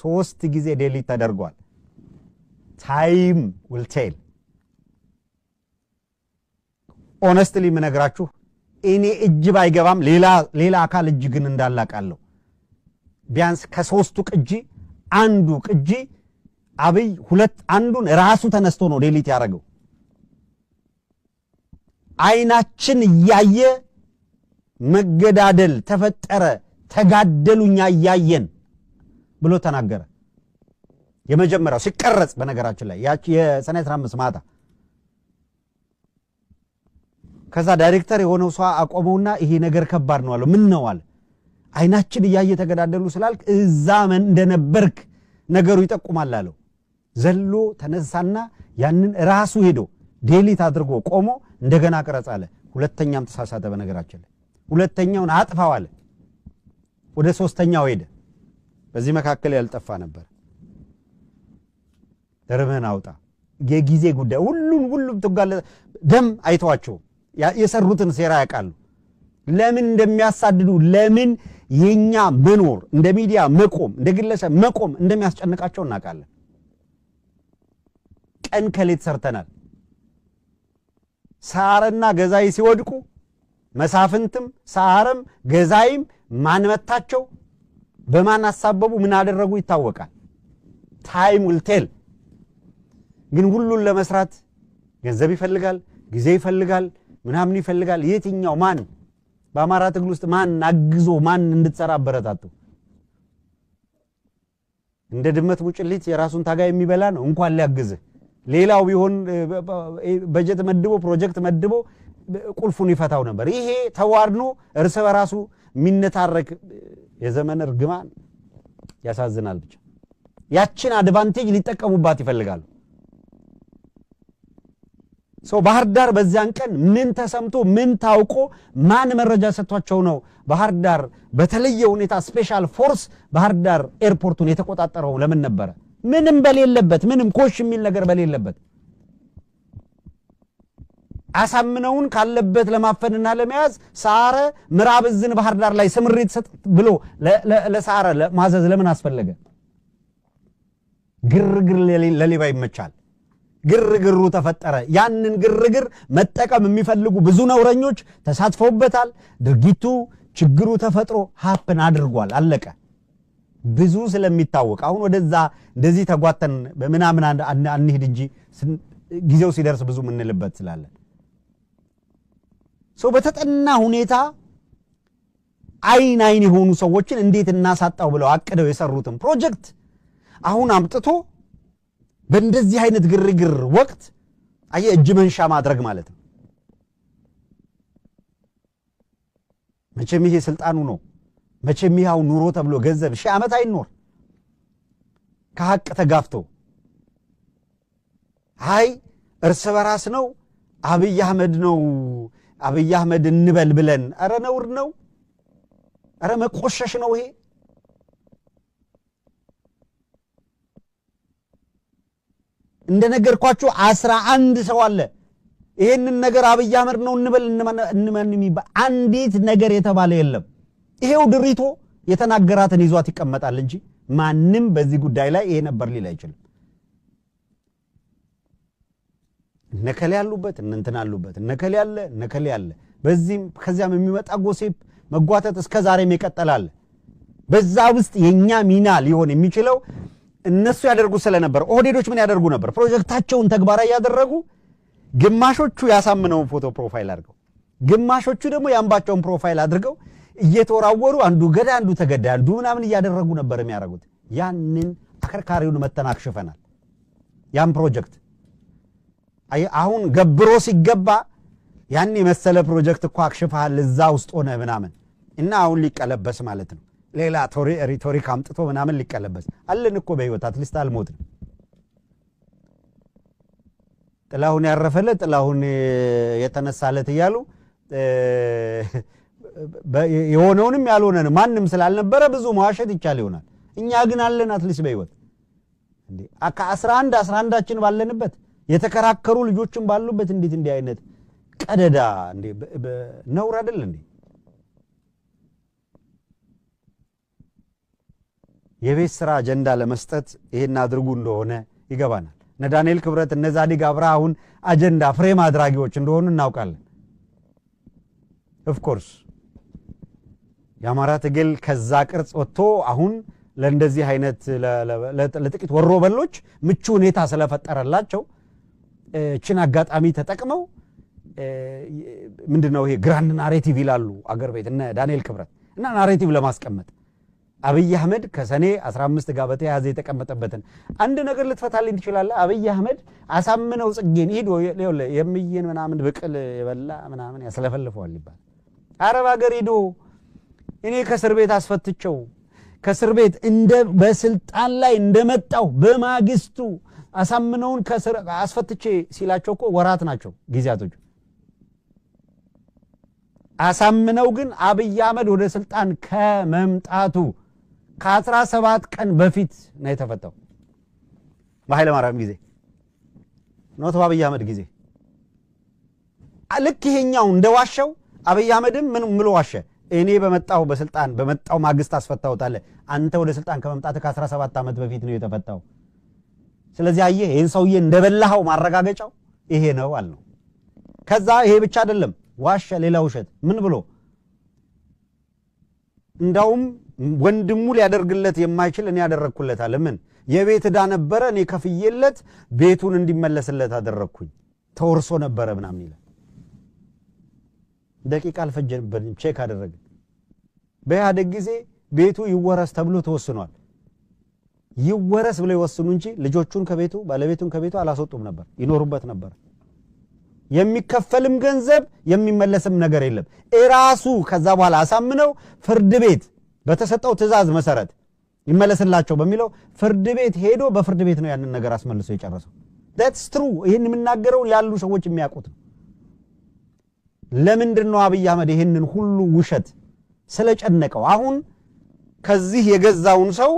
ሶስት ጊዜ ዴሊት ተደርጓል። ታይም ውልቴል ኦነስትሊ የምነግራችሁ እኔ እጅ ባይገባም ሌላ አካል እጅ ግን እንዳላቃለሁ። ቢያንስ ከሶስቱ ቅጂ አንዱ ቅጂ አብይ ሁለት አንዱን ራሱ ተነስቶ ነው ዴሊት ያደረገው። አይናችን እያየ መገዳደል ተፈጠረ፣ ተጋደሉኛ እያየን ብሎ ተናገረ። የመጀመሪያው ሲቀረጽ በነገራችን ላይ ያቺ የሰኔ 15 ማታ ከዛ ዳይሬክተር የሆነው ሰው አቆመውና ይሄ ነገር ከባድ ነው አለው። ምን ነው አለ። አይናችን እያየ ተገዳደሉ ስላልክ እዛ እንደነበርክ ነገሩ ይጠቁማል አለው። ዘሎ ተነሳና ያንን ራሱ ሄዶ ዴሊት አድርጎ ቆሞ እንደገና ቅረጽ አለ። ሁለተኛም ተሳሳተ በነገራችን ላይ ሁለተኛውን አጥፋው አለ። ወደ ሶስተኛው ሄደ። በዚህ መካከል ያልጠፋ ነበር። ርምህን አውጣ። የጊዜ ጉዳይ ሁሉም ሁሉም ትጋለ ደም አይተዋቸው የሰሩትን ሴራ ያውቃሉ። ለምን እንደሚያሳድዱ ለምን የኛ መኖር እንደ ሚዲያ መቆም እንደ ግለሰብ መቆም እንደሚያስጨንቃቸው እናውቃለን። ቀን ከሌት ሰርተናል። ሳርና ገዛይ ሲወድቁ መሳፍንትም ሳርም ገዛይም ማንመታቸው በማን አሳበቡ ምን አደረጉ ይታወቃል። ታይም ውልቴል ግን ሁሉን ለመስራት ገንዘብ ይፈልጋል፣ ጊዜ ይፈልጋል፣ ምናምን ይፈልጋል። የትኛው ማን በአማራ ትግል ውስጥ ማን አግዞ ማን እንድትሰራ አበረታቱ? እንደ ድመት ሙጭሊት የራሱን ታጋይ የሚበላ ነው። እንኳን ሊያግዝህ ሌላው ቢሆን በጀት መድቦ ፕሮጀክት መድቦ ቁልፉን ይፈታው ነበር። ይሄ ተዋድኖ እርስ በራሱ የሚነታረክ የዘመን እርግማን ያሳዝናል። ብቻ ያችን አድቫንቴጅ ሊጠቀሙባት ይፈልጋሉ። ሰው ባህር ዳር በዚያን ቀን ምን ተሰምቶ ምን ታውቆ ማን መረጃ ሰጥቷቸው ነው ባህር ዳር በተለየ ሁኔታ ስፔሻል ፎርስ ባህር ዳር ኤርፖርቱን የተቆጣጠረው? ለምን ነበረ? ምንም በሌለበት ምንም ኮሽ የሚል ነገር በሌለበት አሳምነውን ካለበት ለማፈንና ለመያዝ ሳረ ምዕራብ እዝን ባህር ዳር ላይ ስምሪት ሰጥ ብሎ ለሳረ ማዘዝ ለምን አስፈለገ? ግርግር ለሌባ ይመቻል። ግርግሩ ተፈጠረ። ያንን ግርግር መጠቀም የሚፈልጉ ብዙ ነውረኞች ተሳትፈውበታል። ድርጊቱ ችግሩ ተፈጥሮ ሀፕን አድርጓል። አለቀ። ብዙ ስለሚታወቅ አሁን ወደዛ እንደዚህ ተጓተን ምናምን አንሄድ እንጂ ጊዜው ሲደርስ ብዙ ምንልበት ስላለን ሰው በተጠና ሁኔታ አይን አይን የሆኑ ሰዎችን እንዴት እናሳጣው ብለው አቅደው የሰሩትን ፕሮጀክት አሁን አምጥቶ በእንደዚህ አይነት ግርግር ወቅት አየ እጅ መንሻ ማድረግ ማለት ነው። መቼም ይሄ ስልጣኑ ነው። መቼም ይኸው ኑሮ ተብሎ ገንዘብ ሺህ ዓመት አይኖር ከሀቅ ተጋፍቶ አይ እርስ በራስ ነው አብይ አህመድ ነው አብይ አህመድ እንበል ብለን አረ ነውር ነው፣ አረ መቆሸሽ ነው ይሄ። እንደነገርኳችሁ አስራ አንድ ሰው አለ። ይሄንን ነገር አብይ አህመድ ነው እንበል እንመን የሚባል አንዲት ነገር የተባለ የለም። ይሄው ድሪቶ የተናገራትን ይዟት ይቀመጣል እንጂ ማንም በዚህ ጉዳይ ላይ ይሄ ነበር ሊል አይችልም። እነከሌ ያሉበት እነንትን አሉበት እነከሌ ያለ እነከሌ ያለ በዚህም ከዚያም የሚመጣ ጎሴፕ መጓተት እስከ ዛሬም ይቀጥላል። በዛ ውስጥ የእኛ ሚና ሊሆን የሚችለው እነሱ ያደርጉ ስለነበር ኦህዴዶች ምን ያደርጉ ነበር? ፕሮጀክታቸውን ተግባራዊ ያደረጉ ግማሾቹ ያሳምነውን ፎቶ ፕሮፋይል አድርገው፣ ግማሾቹ ደግሞ የአምባቸውን ፕሮፋይል አድርገው እየተወራወሩ አንዱ ገዳ አንዱ ተገዳ አንዱ ምናምን እያደረጉ ነበር የሚያደርጉት። ያንን አከርካሪውን መተናክሽፈናል ያን ፕሮጀክት አሁን ገብሮ ሲገባ ያን የመሰለ ፕሮጀክት እኮ አክሽፈሃል እዛ ውስጥ ሆነ ምናምን እና አሁን ሊቀለበስ ማለት ነው። ሌላ ሪቶሪክ አምጥቶ ምናምን ሊቀለበስ አለን እኮ በህይወት አትሊስት አልሞትም። ጥላሁን ያረፈለት ጥላሁን የተነሳለት እያሉ የሆነውንም ያልሆነን ማንም ስላልነበረ ብዙ መዋሸት ይቻል ይሆናል። እኛ ግን አለን አትሊስት በህይወት ከአስራ አንድ አስራ አንዳችን ባለንበት የተከራከሩ ልጆችን ባሉበት እንዴት እንዲህ አይነት ቀደዳ ነውር አይደል እንዴ? የቤት ስራ አጀንዳ ለመስጠት ይሄን አድርጉ እንደሆነ ይገባናል። እነ ዳንኤል ክብረት እነ ዛዲግ አብራ አሁን አጀንዳ ፍሬም አድራጊዎች እንደሆኑ እናውቃለን። ኦፍኮርስ የአማራ ትግል ከዛ ቅርጽ ወጥቶ አሁን ለእንደዚህ አይነት ለጥቂት ወሮ በሎች ምቹ ሁኔታ ስለፈጠረላቸው ችን አጋጣሚ ተጠቅመው ምንድነው ይሄ ግራንድ ናሬቲቭ ይላሉ አገር ቤት እነ ዳንኤል ክብረት እና ናሬቲቭ ለማስቀመጥ አብይ አህመድ ከሰኔ 15 ጋር በተያያዘ የተቀመጠበትን አንድ ነገር ልትፈታልኝ ትችላለ አብይ አህመድ አሳምነው ጽጌን ሂድ የምዬን ምናምን ብቅል የበላ ምናምን ያስለፈልፈዋል ይባል። አረብ ሀገር ሂዶ እኔ ከእስር ቤት አስፈትቸው ከእስር ቤት በስልጣን ላይ እንደመጣው በማግስቱ አሳምነውን ከስር አስፈትቼ ሲላቸው እኮ ወራት ናቸው ጊዜያቶቹ። አሳምነው ግን አብይ አህመድ ወደ ስልጣን ከመምጣቱ ከአስራ ሰባት ቀን በፊት ነው የተፈታው። በኃይለማርያም ጊዜ ኖት፣ በአብይ አህመድ ጊዜ ልክ ይሄኛው እንደዋሸው አብይ አህመድም ምን ምሎ ዋሸ። እኔ በመጣው በስልጣን በመጣው ማግስት አስፈታውታለ። አንተ ወደ ስልጣን ከመምጣት ከ17 ዓመት በፊት ነው የተፈታው። ስለዚህ አየ ይህን ሰውዬ እንደበላኸው ማረጋገጫው ይሄ ነው አልነው። ከዛ ይሄ ብቻ አይደለም ዋሸ፣ ሌላ ውሸት ምን ብሎ እንዳውም ወንድሙ ሊያደርግለት የማይችል እኔ አለ። ምን የቤት ዕዳ ነበረ፣ እኔ ከፍዬለት ቤቱን እንዲመለስለት አደረግኩኝ፣ ተወርሶ ነበረ ምናምን ይላል። ደቂቃ አልፈጀንበትም፣ ቼክ አደረግን። በኢህአደግ ጊዜ ቤቱ ይወረስ ተብሎ ተወስኗል። ይወረስ ብለው ይወስኑ እንጂ ልጆቹን ከቤቱ ባለቤቱን ከቤቱ አላስወጡም ነበር፣ ይኖሩበት ነበር። የሚከፈልም ገንዘብ የሚመለስም ነገር የለም። እራሱ ከዛ በኋላ አሳምነው ፍርድ ቤት በተሰጠው ትዕዛዝ መሰረት ይመለስላቸው በሚለው ፍርድ ቤት ሄዶ በፍርድ ቤት ነው ያንን ነገር አስመልሶ የጨረሰው። ዳትስ ትሩ። ይህን የምናገረው ያሉ ሰዎች የሚያውቁት ነው። ለምንድን ነው አብይ አህመድ ይህንን ሁሉ ውሸት ስለጨነቀው አሁን ከዚህ የገዛውን ሰው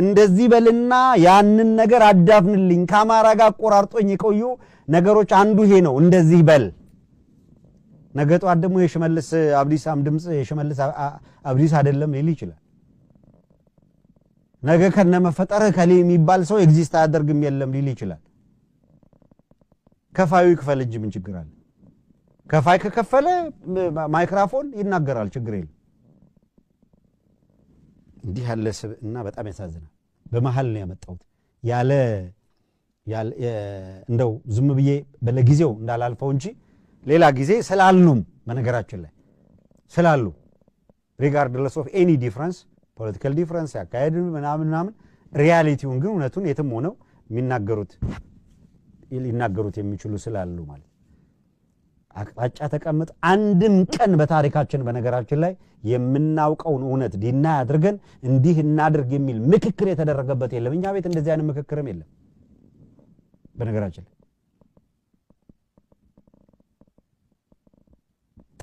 እንደዚህ በልና ያንን ነገር አዳፍንልኝ ከአማራ ጋር አቆራርጦኝ የቆዩ ነገሮች አንዱ ይሄ ነው። እንደዚህ በል ነገ ጠዋት ደግሞ የሽመልስ አብዲሳም ድምፅ የሽመልስ አብዲስ አይደለም ሊል ይችላል። ነገ ከነመፈጠርህ ከሌ የሚባል ሰው ኤግዚስት አያደርግም የለም ሊል ይችላል። ከፋዩ ይክፈል እንጂ ምን ችግር አለ? ከፋይ ከከፈለ ማይክራፎን ይናገራል፣ ችግር የለም። እንዲህ ያለ ስብዕና በጣም ያሳዝናል። በመሀል ነው ያመጣሁት ያለ እንደው ዝም ብዬ በለጊዜው እንዳላልፈው እንጂ ሌላ ጊዜ ስላልኑም በነገራችን ላይ ስላሉ ሪጋርድለስ ኦፍ ኤኒ ዲፍረንስ ፖለቲካል ዲፍረንስ ያካሄድ ምናምን ምናምን ሪያሊቲውን ግን እውነቱን የትም ሆነው የሚናገሩት ሊናገሩት የሚችሉ ስላሉ ማለት አቅጣጫ ተቀምጥ አንድም ቀን በታሪካችን በነገራችን ላይ የምናውቀውን እውነት ዲና አድርገን እንዲህ እናድርግ የሚል ምክክር የተደረገበት የለም። እኛ ቤት እንደዚህ አይነት ምክክርም የለም። በነገራችን ላይ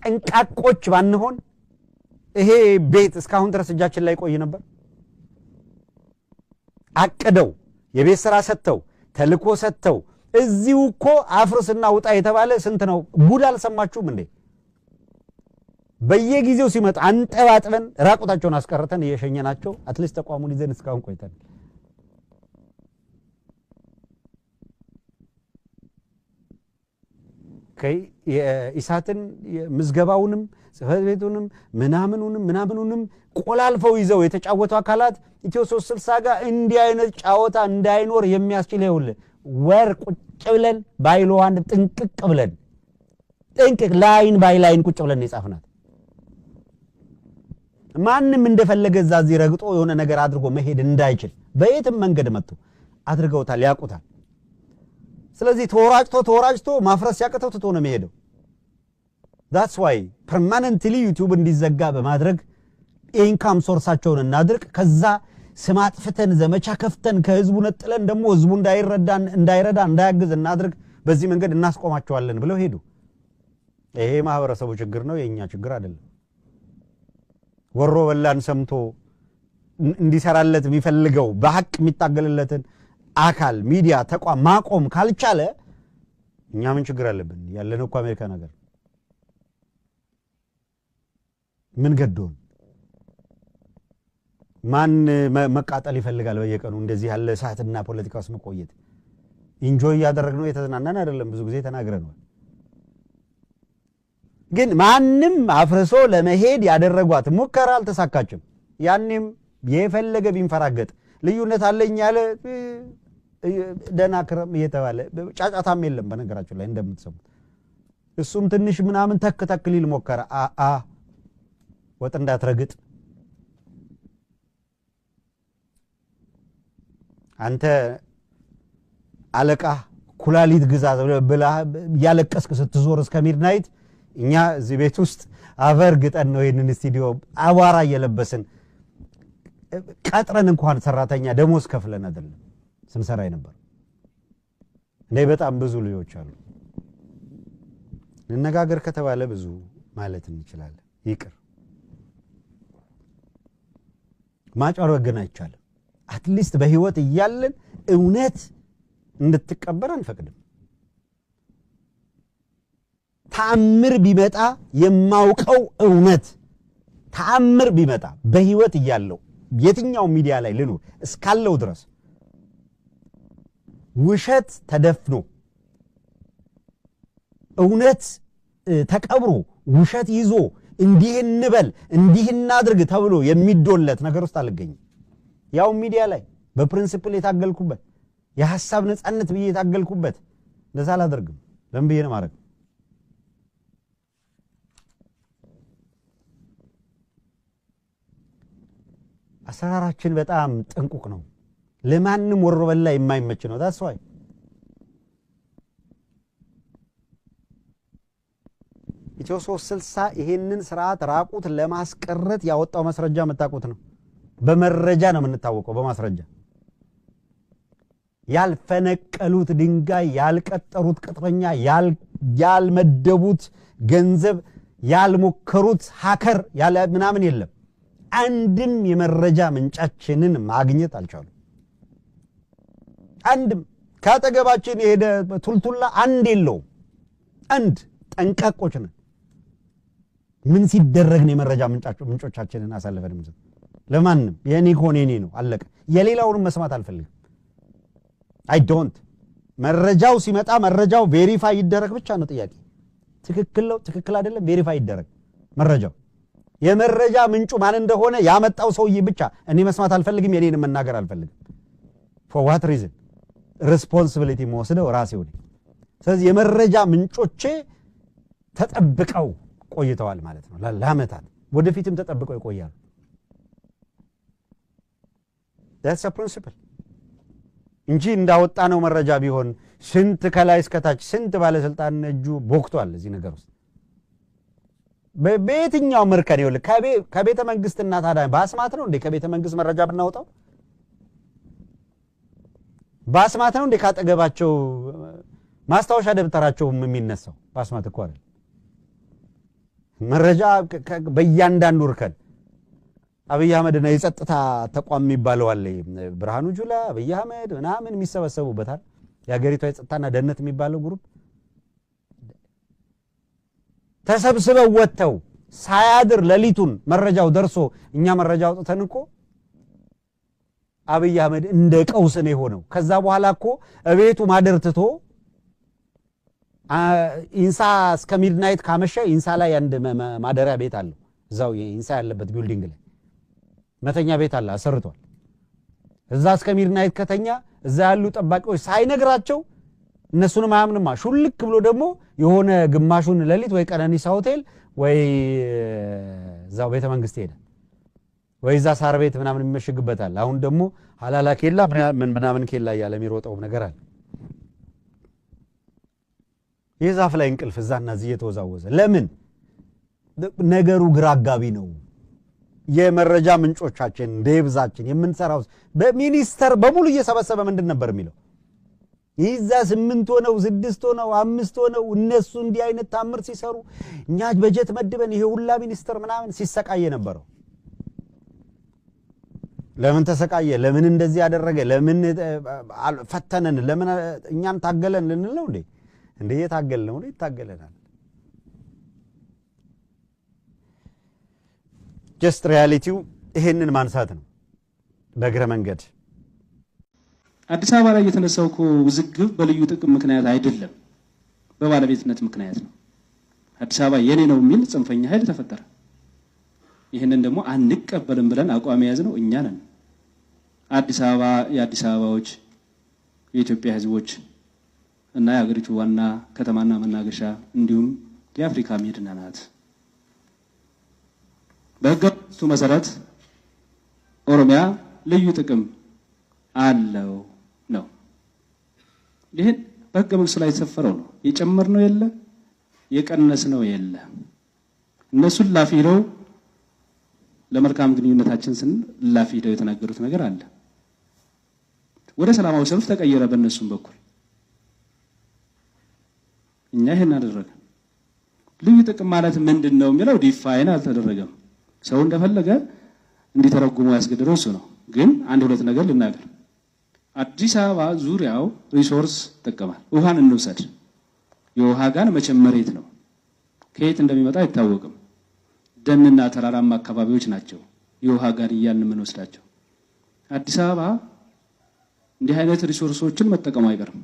ጠንቃቆች ባንሆን ይሄ ቤት እስካሁን ድረስ እጃችን ላይ ቆይ ነበር። አቅደው የቤት ስራ ሰጥተው ተልኮ ሰጥተው እዚሁ እኮ አፍርስና ውጣ የተባለ ስንት ነው? ጉድ አልሰማችሁም እንዴ? በየጊዜው ሲመጡ አንጠባጥበን ራቁታቸውን አስቀርተን እየሸኘናቸው አትሊስት ተቋሙን ይዘን እስካሁን ቆይተን ኢሳትን ምዝገባውንም ጽህፈት ቤቱንም ምናምኑንም ምናምኑንም ቆላልፈው ይዘው የተጫወቱ አካላት ኢትዮ ሶስት ስልሳ ጋር እንዲህ አይነት ጫወታ እንዳይኖር የሚያስችል ይውል ወር ቁጭ ብለን አንድ ጥንቅቅ ብለን ጥንቅቅ ላይን ባይ ላይን ቁጭ ብለን የጻፍናት ማንም እንደፈለገ እዛ እዚህ ረግጦ የሆነ ነገር አድርጎ መሄድ እንዳይችል በየትም መንገድ መጥቶ አድርገውታል፣ ያውቁታል። ስለዚህ ተወራጭቶ ተወራጭቶ ማፍረስ ያቀተው ትቶ ነው የሚሄደው። ዳትስ ዋይ ፐርማነንትሊ ዩቲዩብ እንዲዘጋ በማድረግ ኢንካም ሶርሳቸውን እናድርቅ። ከዛ ስም አጥፍተን ዘመቻ ከፍተን ከህዝቡ ነጥለን ደግሞ ህዝቡ እንዳይረዳ እንዳያግዝ እናድርግ፣ በዚህ መንገድ እናስቆማቸዋለን ብለው ሄዱ። ይሄ የማህበረሰቡ ችግር ነው፣ የእኛ ችግር አይደለም። ወሮ በላን ሰምቶ እንዲሰራለት የሚፈልገው በሀቅ የሚታገልለትን አካል ሚዲያ፣ ተቋም ማቆም ካልቻለ እኛ ምን ችግር አለብን? ያለነው እኮ አሜሪካ ነገር ምን ገዶን ማን መቃጠል ይፈልጋል? በየቀኑ እንደዚህ ያለ እሳትና ፖለቲካ ውስጥ መቆየት ኢንጆይ እያደረግነው የተዝናናን አይደለም። ብዙ ጊዜ ተናግረነዋል። ግን ማንም አፍርሶ ለመሄድ ያደረጓት ሙከራ አልተሳካችም። ያኔም የፈለገ ቢንፈራገጥ ልዩነት አለኝ ያለ ደህና ክረም እየተባለ ጫጫታም የለም። በነገራችን ላይ እንደምትሰሙት እሱም ትንሽ ምናምን ተክ ተክ ሊል ሞከረ። አአ ወጥ እንዳትረግጥ አንተ አለቃ ኩላሊት ግዛ ብላ እያለቀስክ ስትዞር እስከ ሚድናይት እኛ እዚህ ቤት ውስጥ አፈር ግጠን ነው ይህንን ስቱዲዮ አቧራ እየለበስን ቀጥረን እንኳን ሰራተኛ ደሞዝ ከፍለን አይደለም ስንሰራ ነበር። እንደ በጣም ብዙ ልጆች አሉ። እንነጋገር ከተባለ ብዙ ማለት እንችላለን። ይቅር ማጫሮ ግን አይቻልም። አትሊስት በህይወት እያለን እውነት እንድትቀበር አንፈቅድም። ተአምር ቢመጣ የማውቀው እውነት ተአምር ቢመጣ በህይወት እያለው የትኛው ሚዲያ ላይ ልኑር እስካለው ድረስ ውሸት ተደፍኖ እውነት ተቀብሮ ውሸት ይዞ እንዲህ እንበል እንዲህ እናድርግ ተብሎ የሚዶለት ነገር ውስጥ አልገኝም። ያው ሚዲያ ላይ በፕሪንስፕል የታገልኩበት የሀሳብ ነፃነት ብዬ የታገልኩበት እንደዛ አላደርግም። ለምን ብዬ ነው ማድረግ አሰራራችን በጣም ጥንቁቅ ነው። ለማንም ወሮ በላ የማይመች ነው። ታስዋይ ኢትዮ ሶስት ስልሳ ይሄንን ስርዓት ራቁት ለማስቀረት ያወጣው ማስረጃ መታቁት ነው። በመረጃ ነው የምንታወቀው፣ በማስረጃ ያልፈነቀሉት ድንጋይ፣ ያልቀጠሩት ቅጥረኛ፣ ያልመደቡት ገንዘብ፣ ያልሞከሩት ሀከር ያለ ምናምን የለም። አንድም የመረጃ ምንጫችንን ማግኘት አልቻሉ። አንድም ከአጠገባችን የሄደ ቱልቱላ አንድ የለው። አንድ ጠንቃቆች ነን። ምን ሲደረግ ነው የመረጃ ምንጮቻችንን አሳልፈን ለማንም የእኔ ከሆነ የኔ ነው አለቀ። የሌላውንም መስማት አልፈልግም። አይ ዶንት መረጃው ሲመጣ መረጃው ቬሪፋይ ይደረግ ብቻ ነው ጥያቄ። ትክክል ነው ትክክል አይደለም፣ ቬሪፋይ ይደረግ መረጃው። የመረጃ ምንጩ ማን እንደሆነ ያመጣው ሰውዬ ብቻ እኔ መስማት አልፈልግም፣ የኔንም መናገር አልፈልግም። ፎር ዋት ሪዝን ሪስፖንሲቢሊቲ መወስደው ራሴ ሆነ። ስለዚህ የመረጃ ምንጮቼ ተጠብቀው ቆይተዋል ማለት ነው ለዓመታት፣ ወደፊትም ተጠብቀው ይቆያሉ። ዳትስ ፕሪንሲፕል እንጂ እንዳወጣ ነው መረጃ ቢሆን ስንት ከላይ እስከታች ስንት ባለስልጣን እጁ ቦክቷል እዚህ ነገር ውስጥ በየትኛው መርከን ይውል ከቤተ መንግስትና ታዳ በአስማት ነው እንዴ ከቤተ መንግስት መረጃ ብናወጣው በአስማት ነው እንዴ ካጠገባቸው ማስታወሻ ደብተራቸው የሚነሳው በአስማት እኮ አይደል መረጃ በእያንዳንዱ እርከን አብይ አህመድ ነው የጸጥታ ተቋም የሚባለው አለ። ብርሃኑ ጁላ፣ አብይ አህመድ ምናምን የሚሰበሰቡበታል። የሀገሪቷ የጸጥታና ደህንነት የሚባለው ግሩፕ ተሰብስበው ወጥተው ሳያድር ሌሊቱን መረጃው ደርሶ እኛ መረጃ አውጥተን እኮ አብይ አህመድ እንደ ቀውስ ነው የሆነው። ከዛ በኋላ እኮ እቤቱ ማደር ትቶ ኢንሳ እስከ ሚድናይት ካመሸ ኢንሳ ላይ አንድ ማደሪያ ቤት አለው እዛው ኢንሳ ያለበት ቢልዲንግ ላይ መተኛ ቤት አለ አሰርቷል። እዛ እስከ ሚድናይት ከተኛ እዛ ያሉ ጠባቂዎች ሳይነግራቸው እነሱንም አያምንማ። ሹልክ ብሎ ደግሞ የሆነ ግማሹን ሌሊት ወይ ቀነኒሳ ሆቴል ወይ እዛው ቤተ መንግስት ሄደ ወይ እዛ ሳር ቤት ምናምን የሚመሽግበታል። አሁን ደግሞ ሀላላ ኬላ ምናምን ኬላ እያለ የሚሮጠውም ነገር አለ። የዛፍ ላይ እንቅልፍ እዛና እዚህ እየተወዛወዘ ለምን ነገሩ ግራ አጋቢ ነው። የመረጃ ምንጮቻችን እንደ የምንሰራው በሚኒስተር በሙሉ እየሰበሰበ ምንድን ነበር የሚለው ይዛ ስምንት ሆነው ስድስት ሆነው አምስት ሆነው እነሱ እንዲህ አይነት ታምር ሲሰሩ እኛ በጀት መድበን ይሄ ሁላ ሚኒስተር ምናምን ሲሰቃየ ነበረው። ለምን ተሰቃየ? ለምን እንደዚህ ያደረገ? ለምን ፈተነን? ለምን እኛን ታገለን ልንል ነው እንዴ? እንደ የታገል ነው ይታገለናል። ጀስት ሪያሊቲው ይሄንን ማንሳት ነው። በእግረ መንገድ አዲስ አበባ ላይ የተነሳው እኮ ውዝግብ በልዩ ጥቅም ምክንያት አይደለም፣ በባለቤትነት ምክንያት ነው። አዲስ አበባ የኔ ነው የሚል ጽንፈኛ ኃይል ተፈጠረ። ይህንን ደግሞ አንቀበልም ብለን አቋም የያዝ ነው እኛ ነን። አዲስ አበባ የአዲስ አበባዎች የኢትዮጵያ ሕዝቦች እና የሀገሪቱ ዋና ከተማና መናገሻ እንዲሁም የአፍሪካ መዲና ናት። በህገ መንግስቱ መሰረት ኦሮሚያ ልዩ ጥቅም አለው ነው። ይህን በህገ መንግስቱ ላይ የተሰፈረው ነው። ነው የለ ነው የለ። እነሱን ላፊ ሄደው ለመልካም ግንኙነታችን ስንል ላፊ ሄደው የተናገሩት ነገር አለ። ወደ ሰላማዊ ሰልፍ ተቀየረ በእነሱም በኩል እኛ ይሄን አደረገ። ልዩ ጥቅም ማለት ምንድን ነው የሚለው ዲፋይን አልተደረገም። ሰው እንደፈለገ እንዲተረጉሙ ያስገድደው እሱ ነው። ግን አንድ ሁለት ነገር ልናገር። አዲስ አበባ ዙሪያው ሪሶርስ ይጠቀማል። ውሃን እንውሰድ። የውሃ ጋን መቼም መሬት ነው፣ ከየት እንደሚመጣ አይታወቅም። ደንና ተራራማ አካባቢዎች ናቸው የውሃ ጋን እያልን የምንወስዳቸው። አዲስ አበባ እንዲህ አይነት ሪሶርሶችን መጠቀሙ አይቀርም።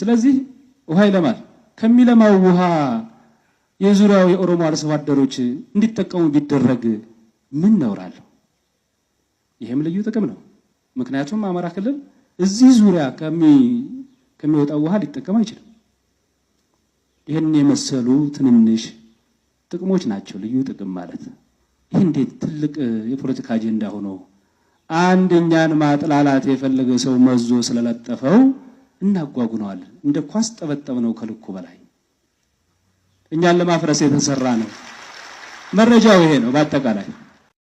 ስለዚህ ውሃ ይለማል። ከሚለማው ውሃ የዙሪያው የኦሮሞ አርሶ አደሮች እንዲጠቀሙ ቢደረግ ምን ነውራል? ይሄም ልዩ ጥቅም ነው። ምክንያቱም አማራ ክልል እዚህ ዙሪያ ከሚወጣው ውሃ ሊጠቀም አይችልም። ይህን የመሰሉ ትንንሽ ጥቅሞች ናቸው ልዩ ጥቅም ማለት። ይህ እንዴት ትልቅ የፖለቲካ አጀንዳ ሆኖ አንድኛን ማጥላላት የፈለገ ሰው መዞ ስለለጠፈው እናጓጉነዋለን። እንደ ኳስ ጠበጠብ ነው ከልኩ በላይ እኛን ለማፍረስ የተሰራ ነው። መረጃው ይሄ ነው በአጠቃላይ